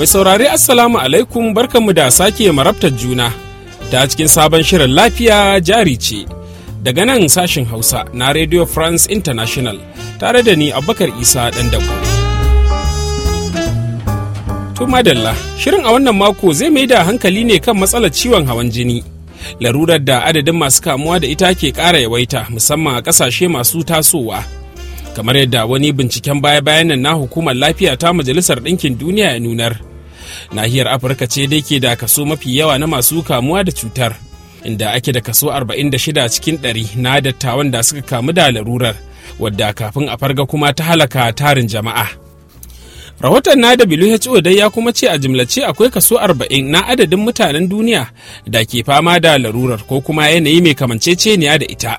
Mai saurari Assalamu alaikum barkanmu da sake marabtar juna ta cikin sabon shirin lafiya jari ce. Daga nan sashin Hausa na Radio France International tare da ni Abubakar Isa ɗan dabo. To madalla, shirin a wannan mako zai mai da hankali ne kan matsalar ciwon hawan jini. Larurar da adadin masu kamuwa da ita ke ƙara yawaita musamman a ƙasashe masu tasowa. kamar yadda wani binciken baya-bayan na hukumar lafiya ta majalisar ɗinkin duniya ya nunar nahiyar afirka ce dai ke da kaso mafi yawa na masu kamuwa da cutar inda ake da kaso 46 cikin 100 na dattawan da suka kamu da larurar wadda kafin a farga kuma ta halaka tarin jama'a rahoton na da who dai ya kuma ce a jimlace akwai kaso 40 na adadin mutanen duniya da ke fama da larurar ko kuma yanayi mai kamanceceniya da ita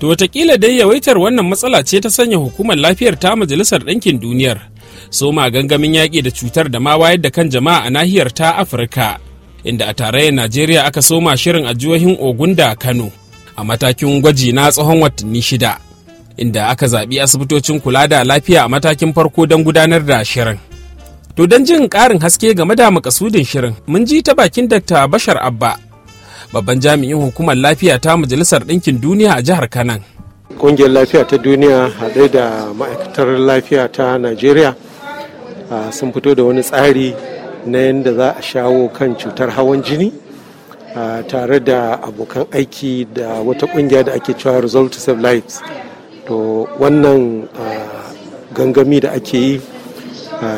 to watakila dai yawaitar wannan matsala ce ta sanya hukumar lafiyar ta majalisar ɗinkin duniyar soma gangamin yaƙi da cutar da ma wayar da kan jama'a a nahiyar ta afirka inda a tarayyar najeriya aka soma shirin a jihohin ogun da kano a matakin gwaji na tsawon watanni shida inda aka zaɓi asibitocin kula da lafiya a matakin farko don gudanar da shirin to don jin ƙarin haske game da makasudin shirin mun ji ta bakin dr bashar abba babban jami'in hukumar lafiya ta majalisar ɗinkin duniya a jihar kanan Ƙungiyar lafiya ta duniya haɗe da ma'aikatar lafiya ta Najeriya sun fito da wani tsari na yadda za a shawo kan cutar hawan jini tare da abokan aiki da wata ƙungiya da ake cewa Results to Save Lives. To wannan gangami da ake yi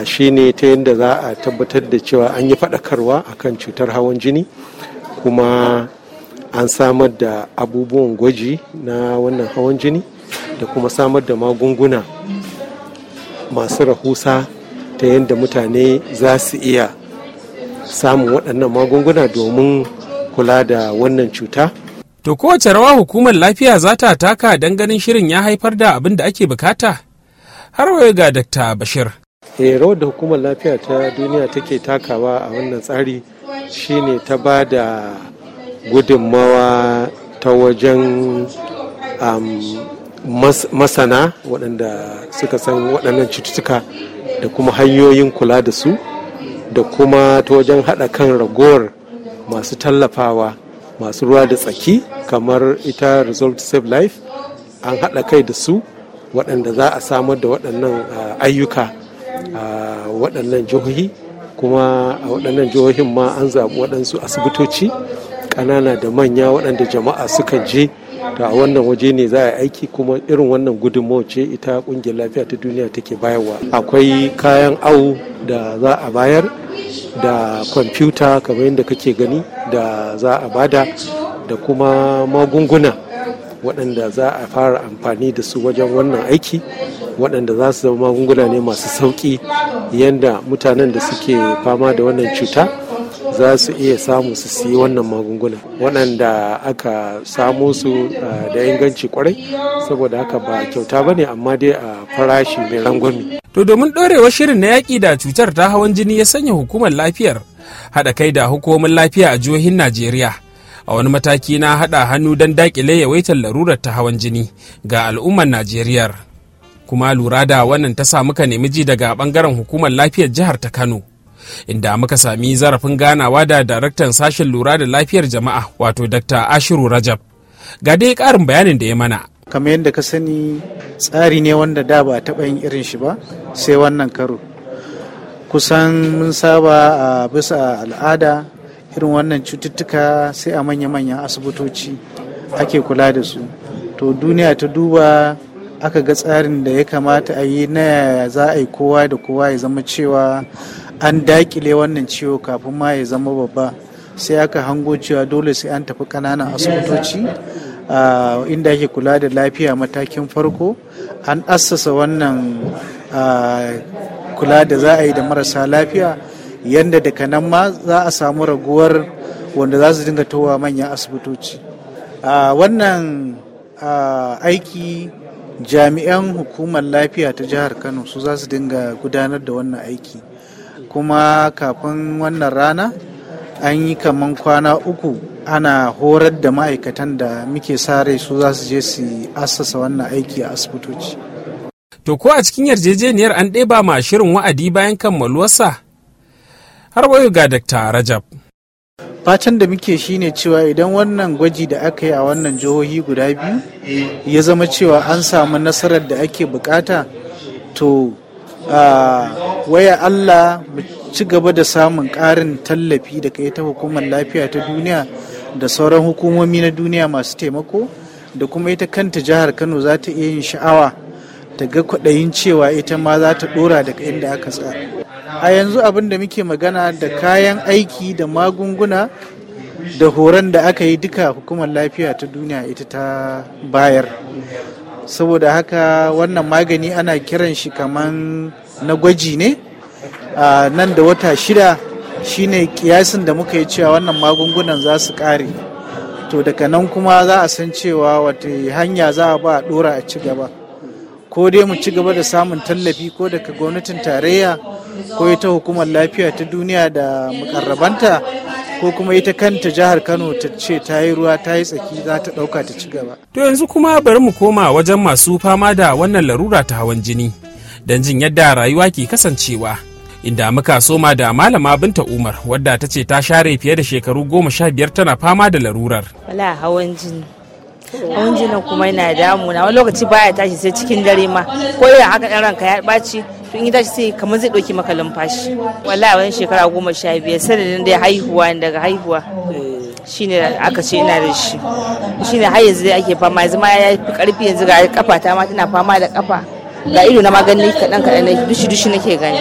shi ne ta yadda za a tabbatar da cewa an yi faɗakarwa kan cutar hawan jini kuma an samar da abubuwan gwaji na wannan hawan jini da kuma samar da magunguna masu rahusa ta yadda mutane za su iya samun waɗannan magunguna domin kula da wannan cuta To kowace rawa hukumar lafiya za ta taka don ganin shirin ya haifar da abin da ake bukata? Har wayo ga Dr. Bashir. E, rawar da hukumar lafiya ta duniya take takawa a wannan tsari shine ta ba da gudunmawa ta wajen masana waɗanda suka san waɗannan cututtuka da kuma hanyoyin kula da su da kuma ta wajen haɗa kan ragowar masu tallafawa masu ruwa da tsaki kamar ita result save life an haɗa kai da su waɗanda za a samar da waɗannan ayyuka a waɗannan jihohi kuma a waɗannan jihohin ma an zaɓi waɗansu asibitoci ƙanana da manya waɗanda jama'a suka je to a wannan waje ne za a aiki kuma irin wannan gudunmawar ce ita ƙungiyar lafiya ta duniya take bayarwa akwai kayan awo da za a bayar da kwamfuta kamar yadda kake gani da za a bada da kuma magunguna waɗanda za a fara amfani da su wajen wannan aiki waɗanda za su zama magunguna ne masu sauƙi yadda mutanen da suke fama da wannan cuta za su iya samu su siyi wannan magunguna waɗanda aka samo su ah, da inganci kwarai saboda haka ba kyauta ba ne amma dai a farashi mai rangwami. To domin ɗorewar shirin na yaƙi da cutar ta hawan jini ya sanya hukumar lafiyar haɗa kai da hukumomin lafiya a jihohin Najeriya. A wani mataki na haɗa hannu don daƙile yawaitar larurar ta hawan jini ga al'ummar Najeriya. Kuma lura da wannan ta samu ka nemi ji daga ɓangaren hukumar lafiyar jihar ta Kano. inda muka sami zarafin ganawa da daraktan sashen lura da lafiyar jama'a wato dr ashiru rajab ga dai karin bayanin da ya mana kamar yadda ka sani tsari ne wanda da ba taɓa yin irin shi ba sai wannan karo kusan mun saba a bisa al'ada irin wannan cututtuka sai a manya-manyan asibitoci ake kula da su to duniya ta duba aka ga tsarin da ya kamata a yi na za a yi kowa da kowa ya zama cewa an dakile wannan ciwo kafin ma ya zama babba sai aka hango cewa dole sai an tafi ƙananan asibitoci inda ake kula da lafiya matakin farko an assasa wannan kula da za a yi da marasa lafiya yadda daga nan ma za a samu raguwar wanda za su dinga towa manyan asibitoci wannan aiki jami'an hukumar lafiya ta jihar kano su za su dinga gudanar da wannan aiki kuma kafin wannan rana an yi kaman kwana uku ana horar da ma'aikatan da muke sare su za su je su assasa wannan aiki a asibitoci. To ko a cikin yarjejeniyar an ɗeba ma shirin wa'adi bayan kammaluwarsa? Har wayo ga Dr. Rajab. Fatan da muke shine cewa idan wannan gwaji da aka yi a wannan jihohi guda biyu ya zama cewa an samu nasarar da ake bukata to waya Allah mu ci gaba da samun ƙarin tallafi daga ita hukumar lafiya ta duniya da sauran hukumomi na duniya masu taimako da kuma ita kanta jihar Kano za ta iya yin sha'awa ta ga kwaɗayin cewa ita ma za ta ɗora daga inda aka tsaya. A yanzu abin da muke magana da kayan aiki da magunguna da horon da aka yi duka hukumar lafiya ta duniya ita ta bayar. saboda haka wannan magani ana kiran shi kaman na gwaji ne a nan da wata shida shine kiyasin da muka yi cewa wannan magungunan za su kare to daga nan kuma za a san cewa wata hanya za a ba a dora a ci gaba ko dai mu ci gaba da samun tallafi ko daga gwamnatin tarayya ko ita hukumar lafiya ta duniya da mukarrabanta ko kuma ita kanta jihar kano ta ce ta yi ruwa ta yi tsaki za ta ɗauka ta ci gaba to yanzu kuma bari mu koma wajen masu fama da wannan larura ta hawan jini don jin yadda rayuwa ke kasancewa inda muka soma da malama binta umar wadda ta ce ta share fiye da shekaru goma sha biyar tana fama da larurar wala hawan jini hawan jini kuma yana damuna wani lokaci baya tashi sai cikin dare ma ko irin haka ɗan ranka ya ɓaci in ya tashi sai kamar zai ɗauki maka lumfashi wallahi wani shekara goma sha biyar sanadin ya haihuwa daga haihuwa shine aka ce ina da shi shine har yanzu ake fama yanzu ma ya fi karfi yanzu ga kafa ta ma tana fama da kafa ga ido na magani kaɗan kaɗan na dushi dushi nake gani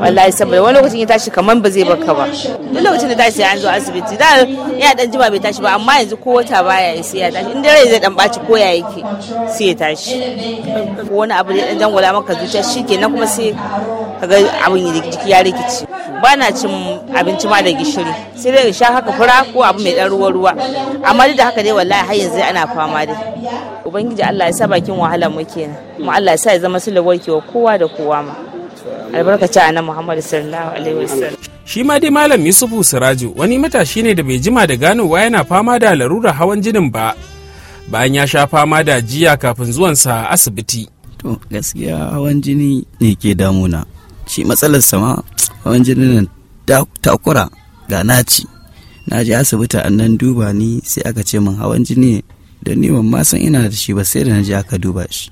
wallahi saboda wani lokacin ya tashi kamar ba zai baka ba duk lokacin da tashi an zo asibiti da ya dan jima bai tashi ba amma yanzu ko wata baya ya sai ya tashi in dare zai dan baci ko ya yake sai ya tashi ko wani abu da dan dangwala maka zuciya shikenan kuma sai kaga abin jiki ya rikici ba na cin abinci ma da gishiri sai dai sha haka fura ko abu mai dan ruwa ruwa amma duk da haka dai wallahi har yanzu ana fama dai ubangiji Allah ya sa bakin wahala mu kenan kuma Allah ya sa ya zama sulhu warkewa kowa da kowa ma albarkaci a nan Muhammadu sallallahu alaihi wasallam shi ma dai malam Yusufu Siraju wani matashi ne da bai jima da ganowa yana fama da larurar hawan jinin ba bayan ya sha fama da jiya kafin sa asibiti to gaskiya hawan jini ne ke damuna shi matsalar sama hawan jini nan takura ga naci na je asibiti an nan duba ni sai aka ce min hawan jini don ni ban san ina da shi ba sai da na je aka duba shi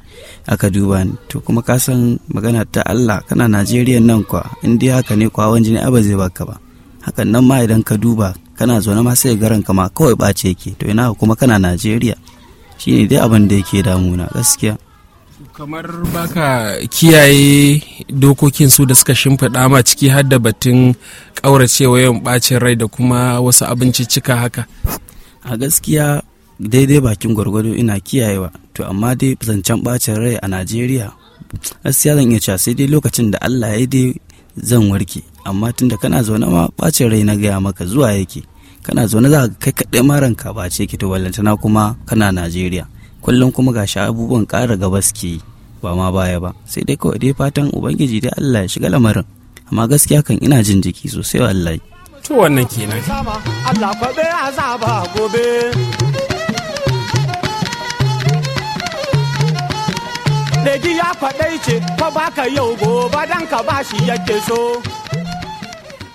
aka duba ni to kuma ka san magana ta Allah kana Najeriya nan kwa in dai haka ne kwa wani jini ba zai baka ba hakan nan ma idan ka duba kana zaune ma sai garan ka ma kawai bace yake to ina kuma kana Najeriya shine dai abin da yake damuna gaskiya kamar baka kiyaye dokokin su da suka shimfiɗa ma ciki har da batun ƙauracewa yawan ɓacin rai da kuma wasu abinci cika haka a gaskiya daidai bakin gwargwado ina kiyayewa to amma dai zancen bacin rai a najeriya gaskiya zan iya cewa sai dai lokacin da allah ya dai zan warke amma tunda kana zaune ma bacin rai na gaya maka zuwa yake kana zaune za ka kai kaɗai ma ranka ba ce to wallantana kuma kana najeriya kullum kuma ga sha abubuwan ƙara gaba suke yi ba ma baya ba sai dai kawai dai fatan ubangiji dai allah ya shiga lamarin amma gaskiya kan ina jin jiki sosai wallahi to wannan kenan Allah gobe ya kwaɗai ce fa baka yau gobe dan ka ba shi yake so.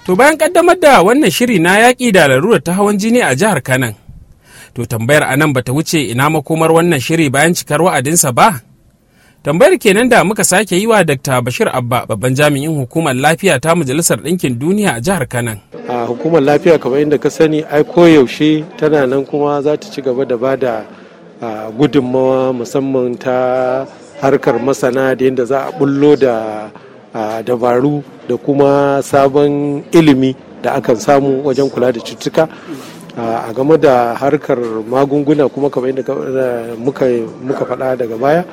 To bayan kaddamar da wannan shiri na yaƙi da larurar ta hawan jini a jihar Kanan. To tambayar anan bata wuce ina makomar wannan shiri bayan cikar wa'adinsa ba? Tambayar kenan da muka sake yi wa Dr. Bashir Abba babban jami'in hukumar lafiya ta Majalisar Ɗinkin Duniya a jihar Kanan. A hukumar lafiya kamar inda ka sani ai koyaushe tana nan kuma za ta ci gaba da bada gudunmawa musamman ta harkar masana da yadda za a bullo da dabaru da kuma sabon ilimi da akan samu wajen kula da cutuka a game da harkar magunguna kuma kamar yadda eh, muka faɗa daga baya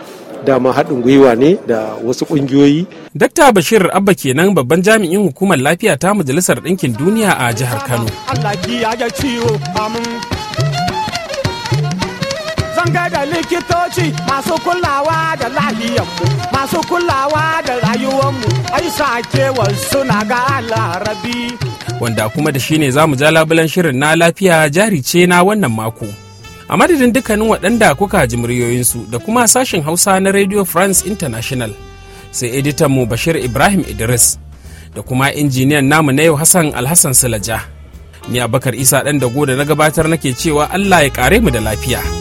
dama haɗin gwiwa ne da wasu ƙungiyoyi. Dr. Bashir Abba kenan babban jami'in hukumar lafiya ta Majalisar Ɗinkin Duniya a jihar Kano. Allah sun da likitoci masu kulawa da lahiyanmu masu kulawa da rayuwanmu ai sakewar suna ga larabi wanda kuma da shine zamu ja labulan shirin na lafiya jari ce na wannan mako a madadin dukkanin waɗanda kuka ji muryoyinsu da kuma sashen hausa na radio france international sai editan mu bashir ibrahim idris da kuma injiniyan namu na yau hassan alhassan silaja ni abakar isa ɗan dago da na gabatar nake cewa allah ya kare mu da lafiya